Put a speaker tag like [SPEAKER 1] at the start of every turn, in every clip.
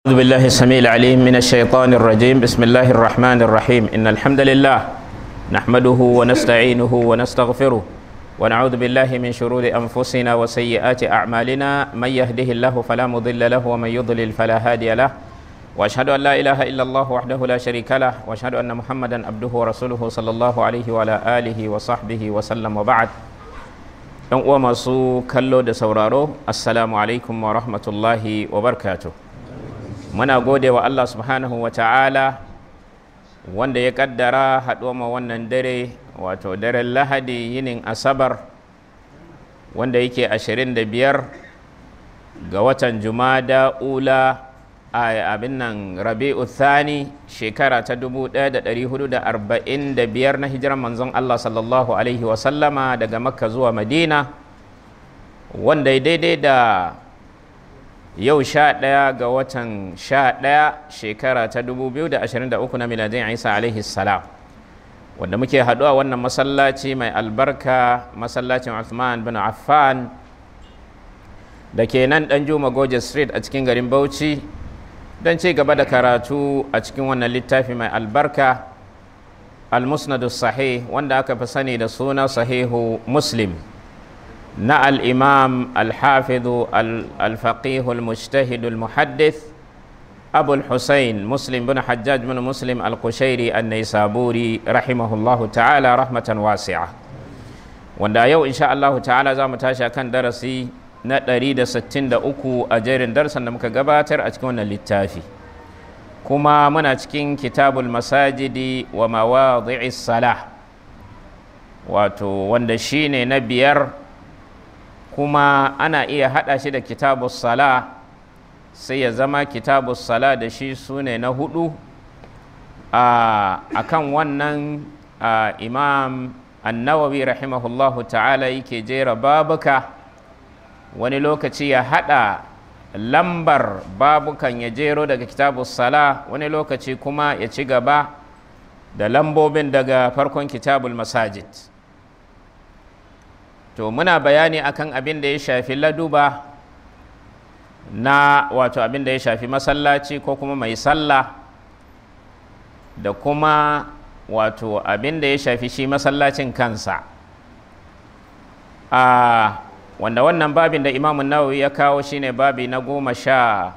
[SPEAKER 1] أعوذ بالله السميع العليم من الشيطان الرجيم بسم الله الرحمن الرحيم إن الحمد لله نحمده ونستعينه ونستغفره ونعوذ بالله من شرور أنفسنا وسيئات أعمالنا من يهده الله فلا مضل له ومن يضلل فلا هادي له وأشهد أن لا إله إلا الله وحده لا شريك له وأشهد أن محمدا عبده ورسوله صلى الله عليه وعلى آله وصحبه وسلم وبعد أن masu kallo da sauraro assalamu alaikum wa rahmatullahi wa barakatuh muna gode wa Allah subhanahu wa ta'ala wanda ya kaddara haɗuwa wannan dare wato daren lahadi yinin asabar wanda yake ashirin da biyar ga watan jumada ula a abin nan rabi'u thani shekara ta 1445 na hijirar manzon Allah sallallahu alaihi wasallama daga makka zuwa madina wanda daidai da yau sha ɗaya ga watan sha ɗaya shekara ta 2023 na miladin isa alaihi salam wanda muke haɗuwa wannan masallaci mai albarka masallacin Uthman bin Affan da ke nan ɗan juma goje street a cikin garin bauchi don ci gaba da karatu a cikin wannan littafi mai albarka al-musnadu sahih wanda aka fi sani da suna sahihu muslim na al'imam al-hafidu al-faqihu al-mujtahidu al-muhaddith abul hussein muslim bin hajjaj bin muslim al-kushairi an-naisaburi rahimahullahu ta'ala rahmatan wasi'a wanda yau insha Allah ta'ala za mu tashi kan darasi na 163 a jerin darasan da muka gabatar a cikin wannan littafi kuma muna cikin kitabul masajidi wa mawadi'is salah wato wanda shine na biyar kuma ana iya haɗa shi da kitabus sala sai ya zama kitabus sala da shi sune na hudu a kan wannan imam annawawi rahimahullahu ta'ala yake jera babuka wani lokaci ya haɗa lambar babukan ya jero daga kitabus sala wani lokaci kuma ya ci gaba da lambobin daga farkon kitabul masajid to muna bayani akan abin da ya shafi laduba na wato abin da ya shafi masallaci ko kuma mai sallah da kuma wato abin da ya shafi shi masallacin kansa a wanda wannan babin da imamun nawawi ya kawo shine babi na goma sha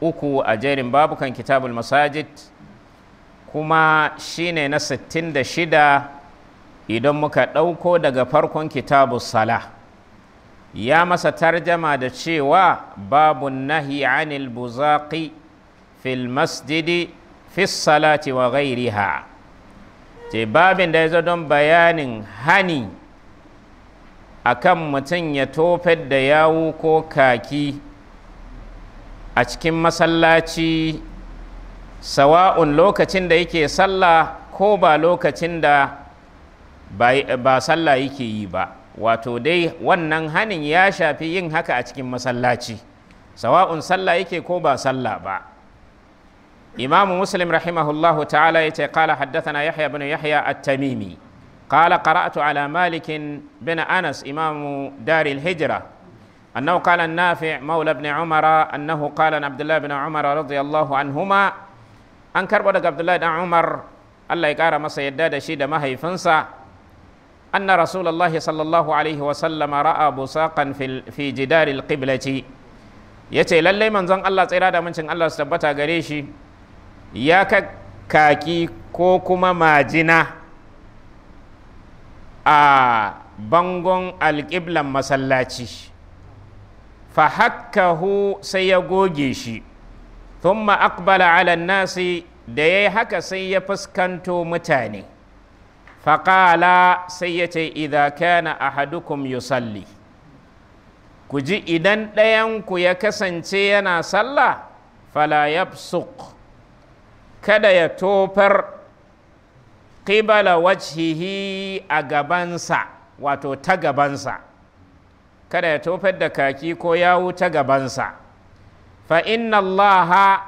[SPEAKER 1] uku a jerin babukan kitabul masajid kuma shine na sittin da shida idan muka ɗauko daga farkon kitabu sala ya masa tarjama da cewa babu nahi anil buzaƙi fil masjidi fis salati wa ghairiha ce babin da ya zo don bayanin hani a kan mutum ya tofe da yawu ko kaki a cikin masallaci sawa'un lokacin da yake sallah ko ba lokacin da ba sallah yake yi ba wato dai wannan hanin ya shafi yin haka a cikin masallaci sawa'un sallah yake ko ba sallah ba imamu muslim rahimahullahu ta'ala ya ce kala haddathana yahya bin yahya at-tamimi kala qara'atu ala malikin bin anas imamu daril hijra أنه قال النافع مولى ابن عمر أنه قال عن عبد الله بن عمر رضي الله عنهما أنكر بدك عبد الله بن عمر الله يقارى ما سيداد شيد ما هي أن رسول الله صلى الله عليه وسلم رأى بساقا في, في جدار القبلة يتي للي من زن الله تيرادا من شن الله سبتا غريشي ياك كاكي كوكما ماجنا a bangon alƙiblan masallaci fa hakkahu sai ya goge shi thumma aqbala ala nasi da faƙala sai ya ce idha kana ahadukum yusalli ku ji idan ɗayanku ya kasance yana sallah fala yabsuq kada ya tofar qibala wajhihi a gabansa wato ta gabansa kada ya tofar da kaki ko yawu ta gabansa fa inna allaha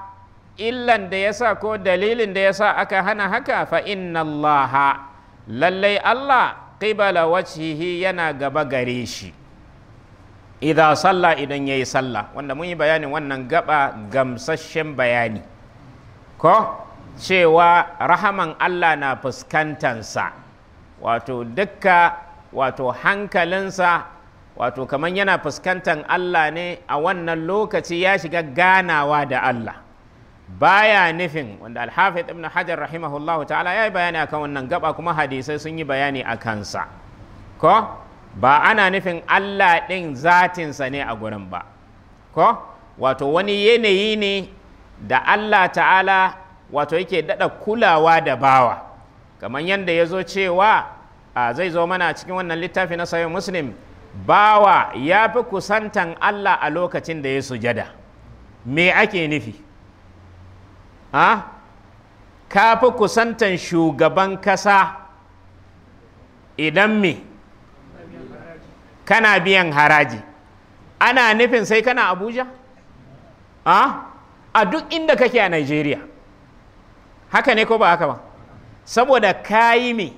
[SPEAKER 1] illan da yasa ko dalilin da yasa aka hana haka fa inna allaha lallai Allah qibala wacihi yana gaba gare shi idan sallah idan yayi sallah wanda mun yi bayanin wannan gaba gamsashen bayani ko cewa rahaman Allah na fuskantansa wato dukka wato hankalinsa wato kamar yana fuskantan Allah ne a wannan lokaci ya shiga ganawa da Allah baya nufin wanda alhafiz ibn hajar rahimahullah ta'ala ya yi bayani akan wannan gaba kuma hadisai sun yi bayani a kansa ko ba ana nufin allah ɗin zatinsa ne a gurin ba ko wato wani yanayi ne da allah ta'ala wato yake daɗa kulawa da bawa kamar yadda ya zo cewa zai zo mana cikin wannan littafi na sayin muslim bawa ya fi kusantan allah a lokacin da ya sujada me ake nufi ha ka fi kusantan shugaban kasa idan me kana biyan haraji ana nufin sai kana abuja ha a duk inda kake a nigeria haka ne ko ba haka ba saboda kayi me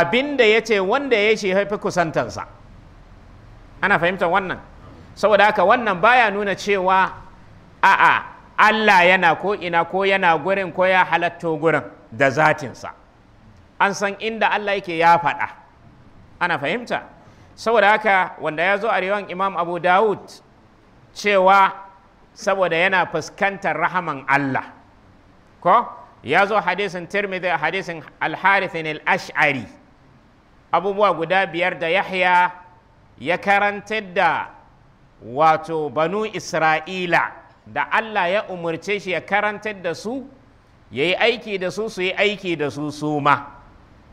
[SPEAKER 1] abin da ya ce wanda ya shi haifi kusantansa ana fahimtar wannan saboda haka wannan baya nuna cewa a'a Allah yana ko ina ko yana gurin ko ya halatto gurin da zatinsa an san inda Allah yake ya faɗa ana fahimta saboda haka wanda ya zo a riwan imam abu dawud cewa saboda yana fuskantar rahaman Allah ko ya zo hadisin tirmidhi a hadisin alharithin al-ash'ari abubuwa guda biyar da yahya ya karantar da wato banu isra'ila da Allah ya umarce shi ya karantar da su ya yi aiki da su su yi aiki da su su ma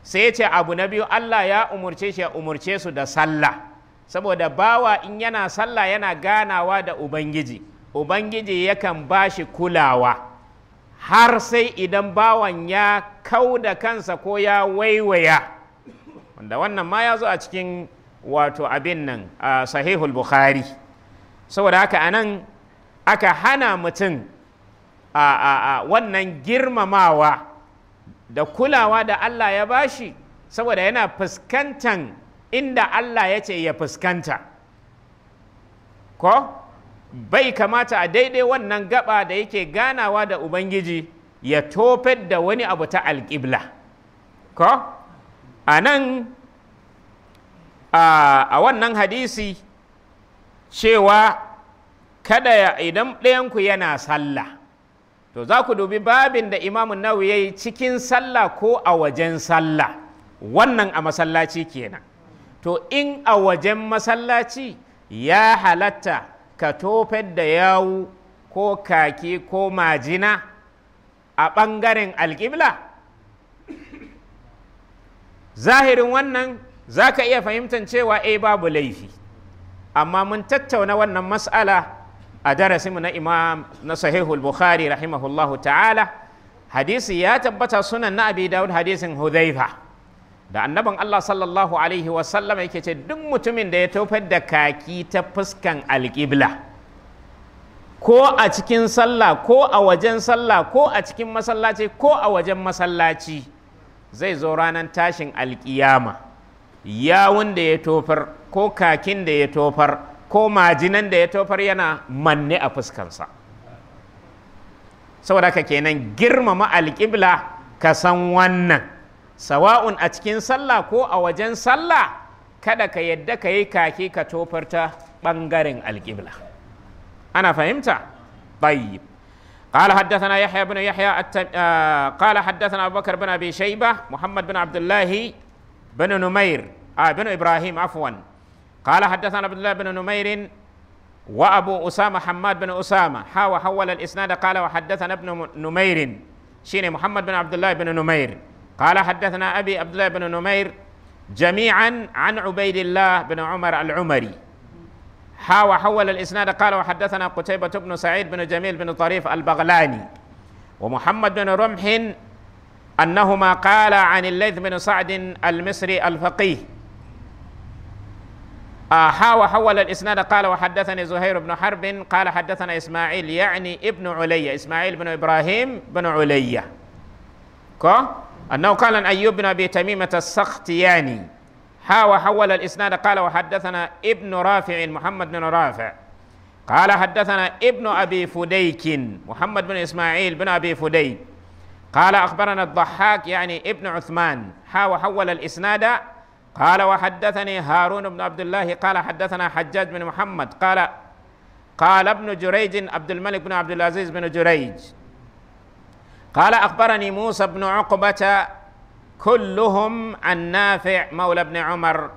[SPEAKER 1] sai ce abu na biyu Allah ya umarce shi ya umarce su da sallah saboda bawa in yana sallah yana ganawa da ubangiji ubangiji yakan ba shi kulawa har sai idan bawan ya kau da kansa ko ya waiwaya wanda wannan ma ya zo a cikin wato abin nan a sahihul bukhari saboda haka anan aka hana mutum a wannan girmamawa da kulawa da Allah ya bashi saboda yana fuskantan inda Allah ya ce ya fuskanta ko bai kamata a daidai wannan gaba da yake ganawa da Ubangiji ya tofe da wani abu ta alƙibla ko a nan a wannan hadisi cewa kada ya idan ɗayanku yana sallah to za ku dubi babin da imamun nawawi ya yi cikin sallah ko a wajen sallah wannan a masallaci kenan to in a wajen masallaci ya halatta ka tofar da yawu ko kaki ko majina a ɓangaren alƙibla zahirin wannan za ka iya fahimtar cewa e babu laifi amma mun tattauna wannan mas'ala a darasinmu na imam na sahihul bukhari rahimahullahu ta'ala hadisi ya tabbata sunan na abi dawud hadisin hudhaifa da annabin allah sallallahu alaihi wasallam yake ce duk mutumin da ya tofar da kaki ta fuskan alƙibla ko a cikin sallah ko a wajen sallah ko a cikin masallaci ko a wajen masallaci zai zo ranar tashin alkiyama yawun da ya tofar ko kakin da ya tofar ko majinan da ya tofar yana manne a fuskansa saboda ka kenan girmama alƙibla ka san wannan sawa'un a cikin sallah ko a wajen sallah kada ka yadda ka yi kaki ka tofar ta ɓangaren alƙibla ana fahimta طيب قال حدثنا يحيى بن يحيى التم... آه... قال حدثنا ابو بكر بن ابي شيبه محمد بن عبد الله بن نمير آه بن ابراهيم عفوا قال حدثنا عبد الله بن نمير وأبو أسامة حماد بن أسامة حا وحول الإسناد قال وحدثنا ابن نمير شين محمد بن عبد الله بن نمير قال حدثنا أبي عبد الله بن نمير جميعا عن عبيد الله بن عمر العمري حا وحول الإسناد قال وحدثنا قتيبة بن سعيد بن جميل بن طريف البغلاني ومحمد بن رمح أنهما قال عن الليث بن سعد المصري الفقيه آه، حا وحول الإسناد قال وحدثني زهير بن حرب قال حدثنا إسماعيل يعني ابن علي إسماعيل بن إبراهيم بن علي كو أنه قال أن أيوب بن أبي تميمة السختياني حا وحول الإسناد قال وحدثنا ابن رافع محمد بن رافع قال حدثنا ابن أبي فديك محمد بن إسماعيل بن أبي فديك قال أخبرنا الضحاك يعني ابن عثمان حا وحول الإسناد قال وحدثني هارون بن عبد الله قال حدثنا حجاج بن محمد قال قال ابن جريج عبد الملك بن عبد العزيز بن جريج قال أخبرني موسى بن عقبة كلهم عن نافع مولى ابن عمر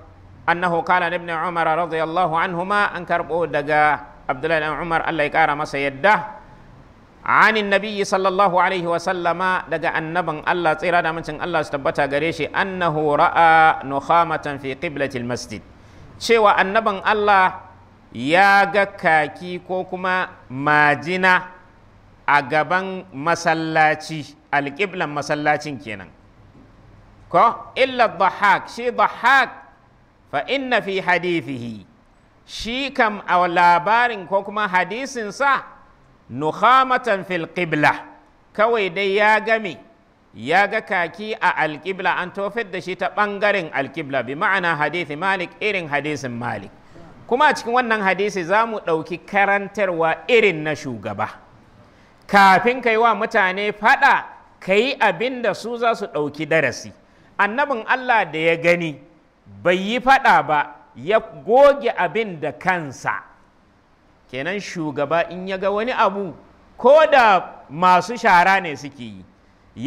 [SPEAKER 1] أنه قال لابن عمر رضي الله عنهما أنكر دقا عبد الله بن عمر الله يكارم سيده anin nabiyyi sallallahu alaihi wa sallama daga annaban Allah tsira da mincin Allah su gare shi annahu ra'a nukhamatan fi qiblatil masjid cewa annaban Allah ya ga kaki ko kuma majina a gaban masallaci alƙiblan masallacin kenan ko illa dhahak shi dhahak fa inna fi hadithihi shi kam a labarin ko kuma hadisinsa sa nukhamatan fil qibla kawai dai ya game ya ga kaki a alƙibla an tofar da shi ta ɓangaren alƙibla bi ma'ana hadisi malik irin hadisin malik kuma a cikin wannan hadisi za mu ɗauki karantarwa irin na shugaba kafin ka yi wa mutane faɗa ka yi abin da su za su ɗauki darasi annabin allah da ya gani bai yi faɗa ba ya goge abin da kansa kenan shugaba in ya ga wani abu ko da masu shara ne suke yi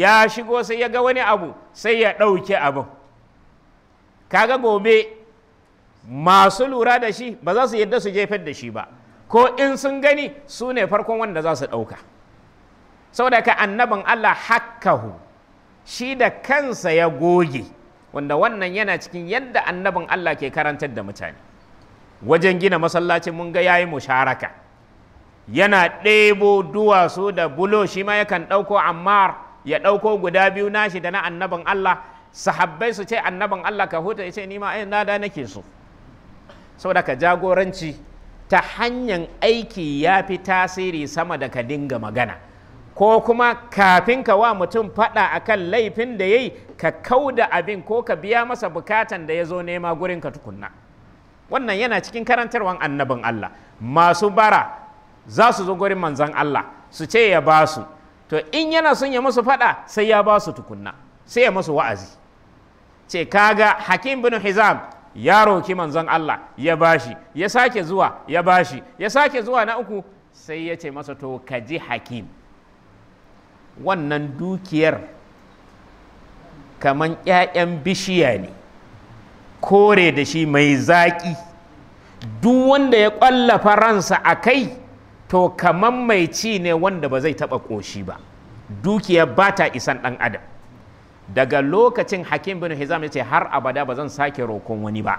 [SPEAKER 1] ya shigo sai ya ga wani abu sai ya ɗauke abin kaga gobe masu lura da shi ba za su yadda su jefar da shi ba ko in sun gani su ne farkon wanda za su ɗauka saboda ka annabin Allah hakkahu shi da kansa ya goge wanda wannan yana cikin yadda annabin Allah ke karantar da mutane wajen gina masallacin mun ga yayi musharaka yana ɗebo duwatsu da bulo shi ma yakan ɗauko ammar ya ɗauko guda biyu nashi da na annabin Allah sahabbai su ce annabin Allah ka huta ya ce ni ma na eh, da nake so saboda ka jagoranci ta hanyar aiki ya fi tasiri sama da ka dinga magana ko kuma kafin ka wa mutum faɗa akan laifin da yayi yi ka kauda abin ko ka biya masa bukatan da ya zo nema gurin ka tukunna. wannan yana cikin karantarwan annabin Allah masu bara za su zo gurin manzan Allah su ce ya ba su to in yana son ya musu faɗa sai ya ba su tukunna sai ya musu wa'azi ce kaga hakim bin hizam ya roki manzan Allah ya bashi ya sake zuwa ya ba shi ya sake zuwa na uku sai ya ce masa to ka ji hakim wannan dukiyar kaman 'ya'yan bishiya ne kore da shi mai zaƙi duk wanda ya ƙwallafa ransa a kai to kamar mai ci ne wanda ba zai taɓa ƙoshi ba dukiya ba ta isan ɗan adam daga lokacin hakim bin hizam ya ce har abada ba zan sake roƙon wani ba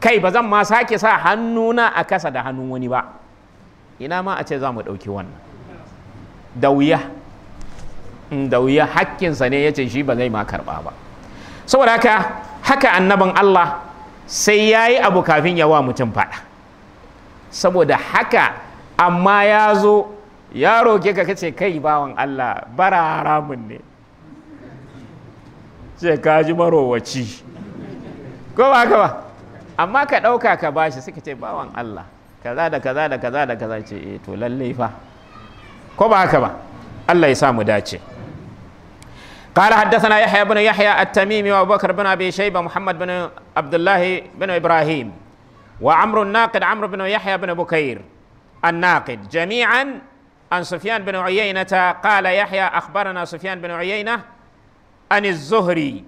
[SPEAKER 1] kai ba zan ma sake sa hannuna a kasa da hannun wani ba ina ma a ce za mu ɗauki wannan da wuya mm, da wuya hakkinsa ne ya ce shi ba zai ma karɓa ba saboda haka haka annaban Allah sai ya yi abu kafin ya wa mutum faɗa saboda haka amma ya zo ya roke ka kace kai bawan Allah bara haramun ne ce ka ji marowaci ko ba ka ba amma ka ɗauka ka bashi suka ce bawan Allah kaza da kaza da kaza da kaza ce e to lallai fa ko ba ka ba Allah ya sa mu dace قال حدثنا يحيى بن يحيى التميمي وابو بكر بن ابي شيبه محمد بن عبد الله بن ابراهيم وعمرو الناقد عمرو بن يحيى بن بكير الناقد جميعا عن سفيان بن عيينة قال يحيى أخبرنا سفيان بن عيينة عن الزهري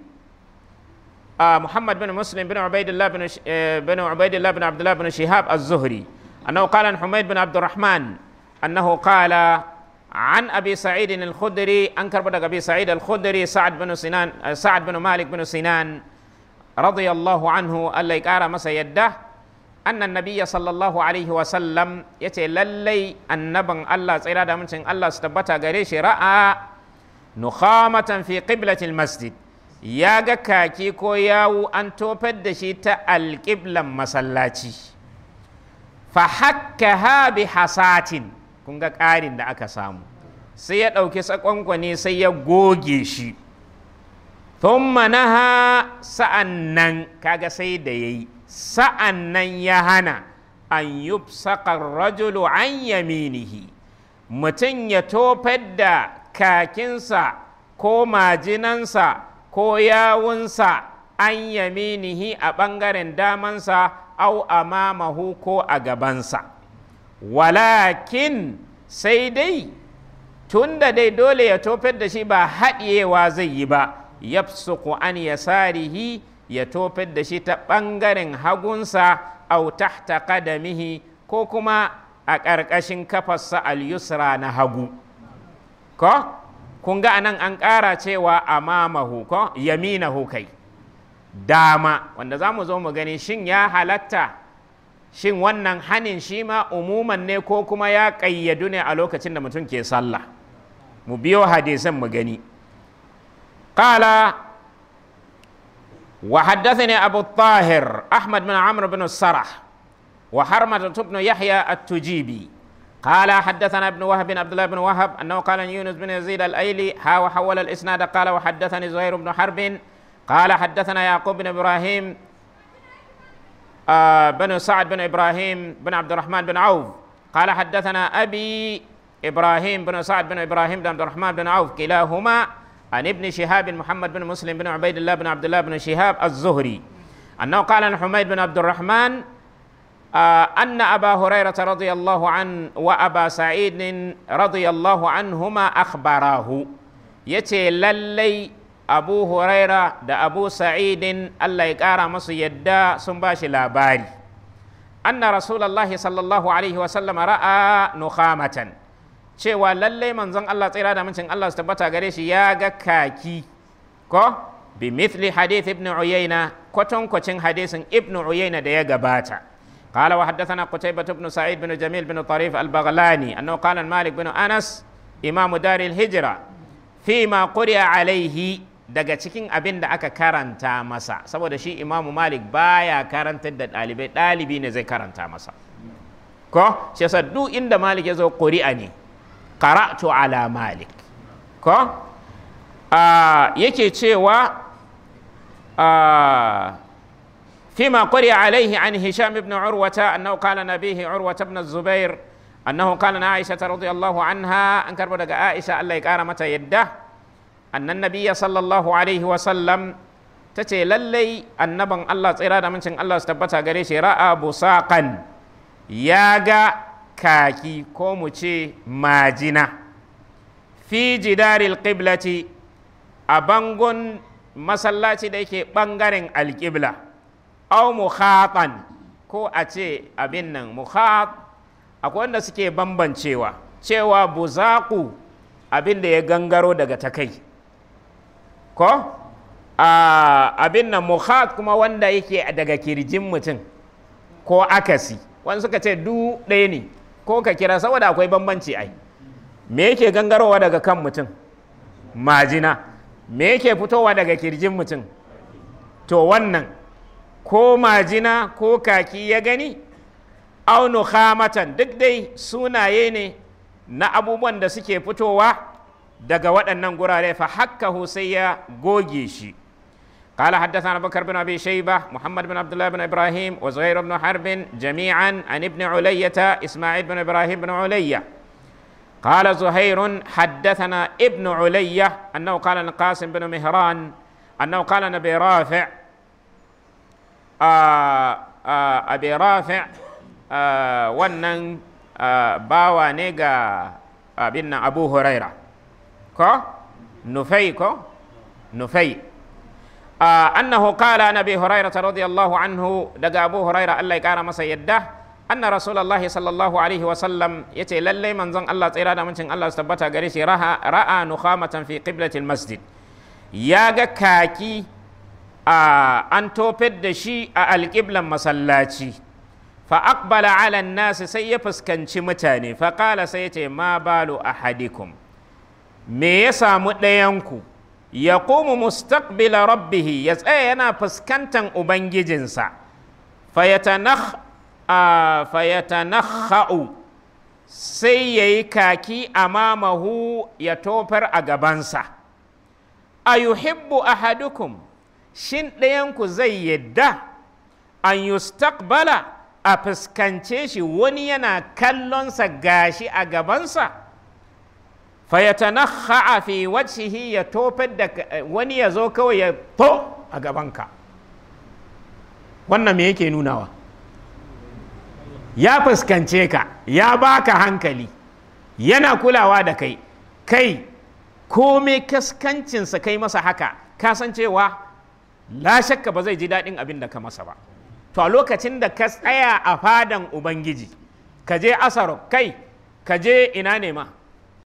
[SPEAKER 1] آه محمد بن مسلم بن عبيد الله بن ش... آه بن عبيد الله بن عبد الله بن شهاب الزهري أنه قال عن حميد بن عبد الرحمن أنه قال an abi an karba daga abi sa'id al sa'ad bin malik bin sinan radiyallahu anhu Allah ya kara masa yadda annan nabiyya sallallahu alaihi wa sallam yace lallai annaban Allah tsira da mutum Allah tabbata gare shi ra'a nukhamatan fi qiblati masjid ya ga kaki ko yawu an tofar da shi ta masallaci fa hakkaha kun ga ƙarin da aka samu sai ya ɗauki sakonkwane sai ya goge shi tun manaha sa'an nan kaga sai da ya yi sa'an nan ya hana an yubsaqa rajulu an yaminihi mutum ya tofar da kakinsa ko majinansa ko yawunsa an yaminihi a ɓangaren damansa au a mamahu ko a gabansa walakin sai dai tun da dai dole ya tofar da shi ba haɗiyewa zai yi ba yafsuku an sarihi ya tofar da shi ta ɓangaren hagunsa au tahta qadamihi ko kuma a ƙarƙashin kafarsa al-yusra na hagu ko kun ga anan an ƙara cewa mamahu ko yamina kai dama wanda za mu zo mu gani shin ya halatta shin wannan hanin shi ma umuman ne ko kuma ya ƙayyadu ne a lokacin da mutum ke sallah mu biyo hadisan mu gani qala wa haddathani abu tahir ahmad bin amr bin sarah wa harmata ibn yahya at-tujibi قال حدثنا ابن وهب بن عبد الله بن وهب انه قال يونس بن يزيد الايلي ها وحول الاسناد قال وحدثني زهير بن حرب قال حدثنا يعقوب بن ابراهيم آه، بن سعد بن إبراهيم بن عبد الرحمن بن عوف قال حدثنا أبي إبراهيم بن سعد بن إبراهيم بن عبد الرحمن بن عوف كلاهما عن ابن شهاب محمد بن مسلم بن عبيد الله بن عبد الله بن شهاب الزهري أنه قال عن حميد بن عبد الرحمن آه، أن أبا هريرة رضي الله عنه وأبا سعيد رضي الله عنهما أخبراه يتي للي abu huraira da abu sa'idin allah ya ƙara masu yadda sun ba shi labari anna rasulallahi sallallahu alaihi wasallam ra'a nukhamatan cewa lalle manzon allah tsira da mincin allah su tabbata gare shi ya ga kaki ko bi mithli hadith ibn uyayna kwatankwacin hadisin ibn uyayna da ya gabata قال وحدثنا قتيبة بن سعيد بن جميل بن طريف البغلاني أنه قال مالك بن أنس إمام دار الهجرة فيما قرئ عليه daga cikin abin da aka karanta masa saboda shi imamu malik baya karantar da ɗalibai ɗalibi ne zai karanta masa ko shi yasa duk inda malik ya zo ƙuri'a ne qara'tu ala malik ko ah, yake cewa فيما قرئ عليه عن هشام بن عروة أنه قال نبيه عروة بن الزبير أنه قال عائشة رضي الله عنها عائشة الله يده annan nabiya sallallahu alaihi wasallam ta ce lallai annaban Allah tsira da macin Allah su tabbata gare shi ra'a busaqan ya ga kaki ko mu ce majina fi jidaril qiblati a bangon masallaci da yake bangaren alƙibla au mukhatan ko a ce abin nan mukhat akwai wanda suke bambancewa cewa buzaku abin da ya gangaro daga takai ko abin nan muhat kuma wanda yake daga kirjin mutum ko akasi wani suka ce du ɗaya ne ko ka kira saboda akwai bambanci ai me yake gangarowa daga kan mutum majina me yake fitowa daga kirjin mutum to wannan ko majina ko kaki ya gani aunu khamatan duk dai sunaye ne na abubuwan da suke fitowa daga waɗannan gurare fa hakkahu sai ya goge shi قال حدثنا بكر بن ابي شيبه محمد بن عبد الله بن ابراهيم وزهير بن حرب جميعا عن ابن علية اسماعيل بن ابراهيم بن علية قال زهير حدثنا ابن علية انه قال القاسم بن مهران انه قال عن ابي رافع آآ آآ ابي رافع ونن باوانيغا بن ابو هريره ko nufai ko nufai ah, annahu qala nabi hurairah radiyallahu anhu daga abu hurairah Allah ya kara masa yadda anna rasulullahi sallallahu alaihi wa sallam yace lalle manzon Allah tsira da mincin Allah su tabbata gare shi raha ra'a nukhamatan fi qiblatil masjid ya ga kaki a an tofar da shi a alƙiblan masallaci fa aqbala ala nasi sai ya fuskanci mutane fa qala sai yace ma balu ahadikum me ya samu ɗayanku ya komu mustaqbila rabbihi ya tsaya yana fuskantar ubangijinsa fayatanakha'u sai ya yi kaki a mamahu ya tofar a gabansa a yuhibbu ahadukum shin ɗayanku zai yadda an yustaqbala a fuskance shi wani yana kallonsa gashi a gabansa fayatanakha fi wajhihi ya tofar da wani ya zo kawai ya to a gabanka wannan me yake nunawa ya fuskance ka ya baka hankali yana kulawa da kai kai komai kaskancinsa kai masa haka kasancewa la shakka ba zai ji daɗin abin da ka masa ba to a lokacin da ka tsaya a fadan ubangiji ka je asarok kai ka je ina ne